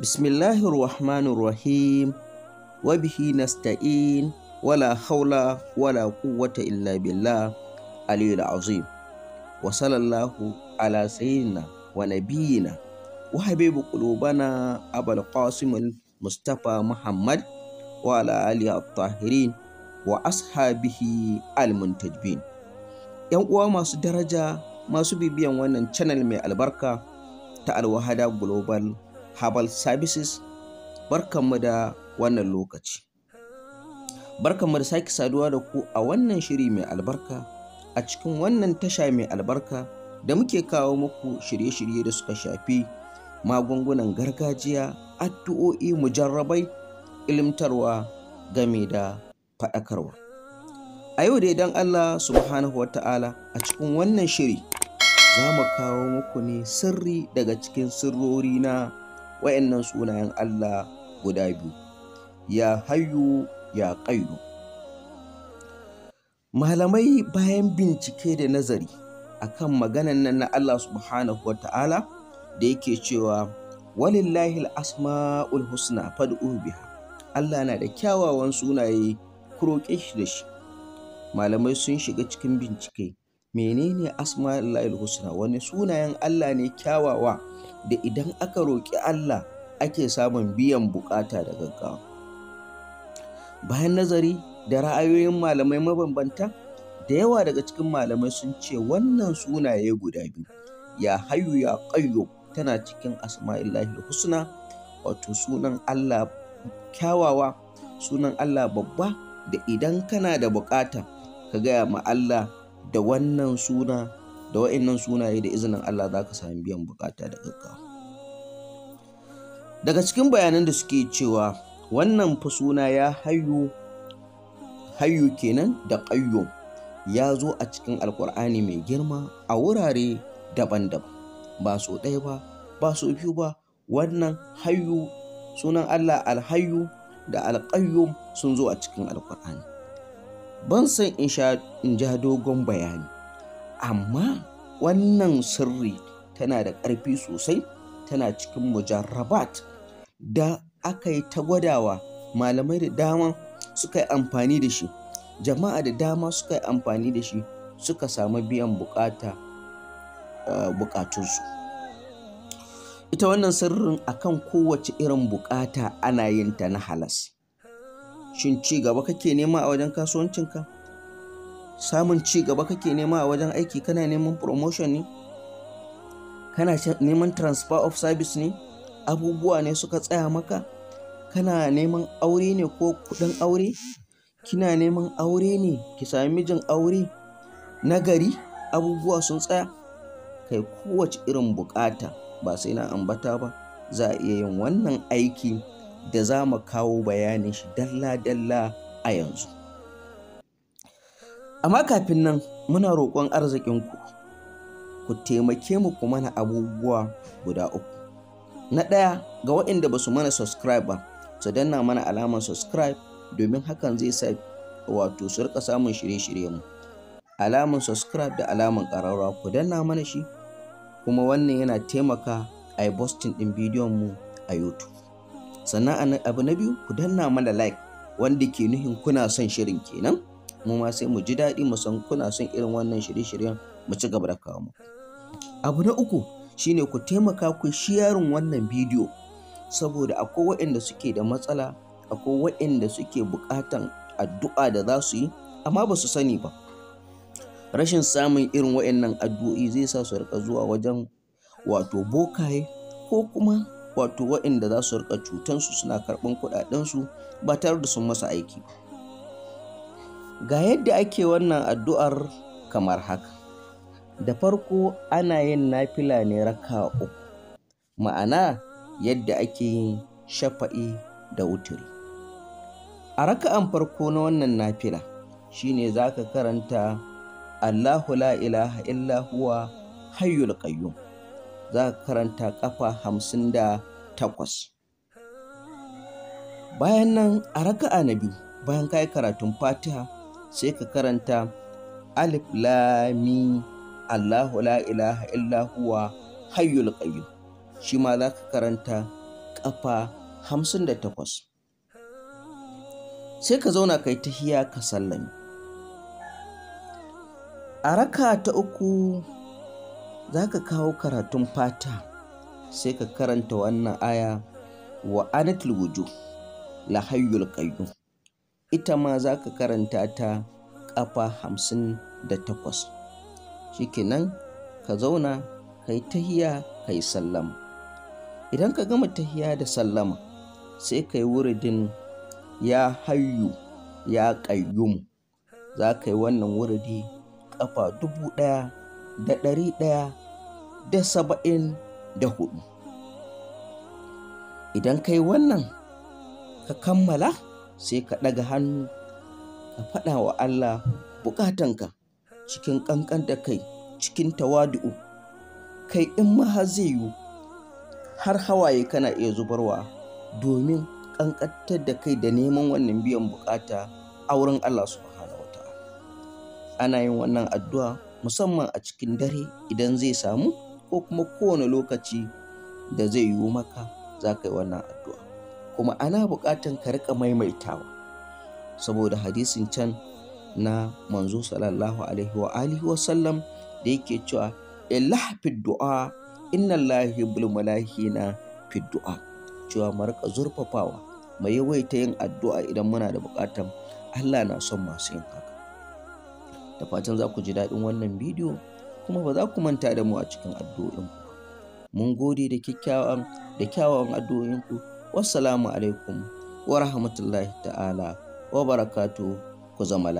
Bismillahir Rahmanir Rahim wa bihi nasta'in wala haula wala quwwata illa billah aliyul azim wa sallallahu ala sayyidina wa nabiyina wa habibu qulubana abul qasim mustafa muhammad wa ala alihi at-tahirin wa ashabihi al-muntajbin yan uwa masu daraja masu bibiyan wannan channel mai albarka ta alwahada global Herbal Services barkanmu da wannan lokaci. Barkanmu da sake saduwa da ku a wannan shiri mai albarka a cikin wannan tasha mai albarka da muke kawo muku shirye-shirye da suka shafi magungunan gargajiya, addu'o'i, mujarrabai, ilimtarwa game da faɗakarwa. A yau dai don Allah subhanahu wa ta'ala a cikin wannan shiri za mu kawo muku ne sirri daga cikin sirrori na wa'annan sunayen Allah guda biyu ya hayu ya qayyu malamai bayan bincike da nazari akan maganan nan na Allah subhanahu wa ta'ala da yake cewa walillahi asma'ul husna fad'u biha Allah na da kyawawan sunaye ku shi da shi malamai sun shiga cikin bincike menene asma'ul husna wani sunayen Allah ne kyawawa da idan aka roƙi Allah ake samun biyan bukata da gaggawa bayan nazari da ra'ayoyin malamai mabambanta da yawa daga cikin malamai sun ce wannan sunaye guda biyu ya hayu ya ƙayyo tana cikin asma'ul husna wato sunan Allah kyawawa sunan Allah babba da idan kana da bukata ka gaya ma Allah da wannan suna da wa'annan sunaye da izinin Allah za ka sami biyan bukata da gaggawa daga cikin bayanan da suke cewa wannan fa suna ya hayu hayu kenan da ƙayyo ya zo a cikin alkur'ani mai girma a wurare daban-daban ba so ɗaya ba ba so biyu ba wannan hayu sunan Allah alhayu da alƙayyo sun zo a cikin alkur'ani ban san in ja dogon bayani amma wannan sirri tana da ƙarfi sosai tana cikin mujarrabat da aka yi ta gwadawa malamai da dama suka yi amfani da shi jama'a da dama suka yi amfani da shi suka samu biyan bukata eh, bukatunsu ita wannan sirrin akan kowace irin bukata ana yin ta na halas shin ci gaba kake nema a wajen kasuwancinka samun ci gaba kake nema a wajen aiki kana neman promotion ne kana neman transfer of service ne abubuwa ne suka tsaya maka kana neman aure ne ko kudin aure kina neman aure ne ki sami mijin aure na gari abubuwa sun tsaya kai kowace irin bukata ba sai na ambata ba za a iya yin wannan aiki da za mu kawo bayanin shi dalla-dalla a yanzu. Amma kafin nan muna roƙon arzikinku ku taimake mu kuma na abubuwa guda uku. Na ɗaya ga waɗanda ba su mana subscribe ba, su danna mana alamar subscribe domin hakan zai sa wato su rika samun shirye-shirye mu. Alamun subscribe da alamun ƙararrawa ku danna mana shi kuma wannan yana taimaka a yi bostin ɗin bidiyon mu a YouTube. sannan abu na biyu ku danna mana like wanda ke nuhin kuna son shirin kenan mu ma sai mu ji daɗi mu san kuna son irin wannan shirye-shiryen mu ci gaba da kawo mu abu na uku shine ku taimaka ku sharing wannan bidiyo saboda akwai waɗanda suke da matsala akwai waɗanda suke buƙatan addu'a da za su yi amma ba su sani ba rashin samun irin waɗannan addu'o'i zai sa su rika zuwa wajen wato bokaye ko kuma wato waɗanda za su rika cutansu suna karɓan kuɗaɗensu ba tare da sun masa aiki ga yadda ake wannan addu'ar kamar haka da farko ana yin nafila ne raka uku ma'ana yadda ake yin shafa'i da wuturi a raka'an farko na wannan nafila shine za ka karanta allahu la ilaha illa huwa hayyul qayyum za ka karanta kafa hamsin da takwas bayan nan a raka'a na biyu bayan ka yi karatun fatiha sai ka karanta alif lami allahu la ilaha illa huwa hayyul qayyum shi ma za ka karanta kafa hamsin da takwas sai ka zauna kai tahiya ka sallami a raka ta uku za ka kawo karatun fata sai ka karanta wannan aya wa anatul wujuh la hayyul qayyum ita ma za ka karanta ta ƙafa hamsin da takwas shikenan ka zauna ka yi tahiya ka yi sallama idan ka gama tahiya da sallama sai ka yi wuridin ya hayyu ya ƙaiyumu za ka yi wannan wuridi ƙafa dubu ɗaya da ɗari ɗaya da saba'in da hudu. Idan ka yi wannan ka kammala sai ka ɗaga hannu ka faɗa wa Allah bukatanka cikin ƙanƙan da kai cikin tawadu'u kai in maha zai yiwu har hawaye kana iya zubarwa domin ƙanƙantar da kai da neman wannan biyan bukata a wurin Allah subhanahu wata ana yin wannan addu'a musamman a cikin dare idan zai samu ko kuma kowane lokaci da zai yiwu maka za ka yi wannan addu'a kuma ana buƙatan ka riƙa maimaitawa saboda hadisin can na manzo sallallahu alaihi wa alihi wa sallam da yake cewa ilah fi du'a inna allahi bulmalahi na fi du'a cewa mu riƙa zurfafawa mai yawaita yin addu'a idan muna da buƙatan Allah na son masu yin haka da fatan za ku ji daɗin wannan bidiyo kuma ba za ku manta da mu a cikin addu'o'inku. Mun gode da kyakkyawan da kyawawan addu'o'inku. Wassalamu alaikum wa rahmatullahi ta'ala wa barakatuhu ku zama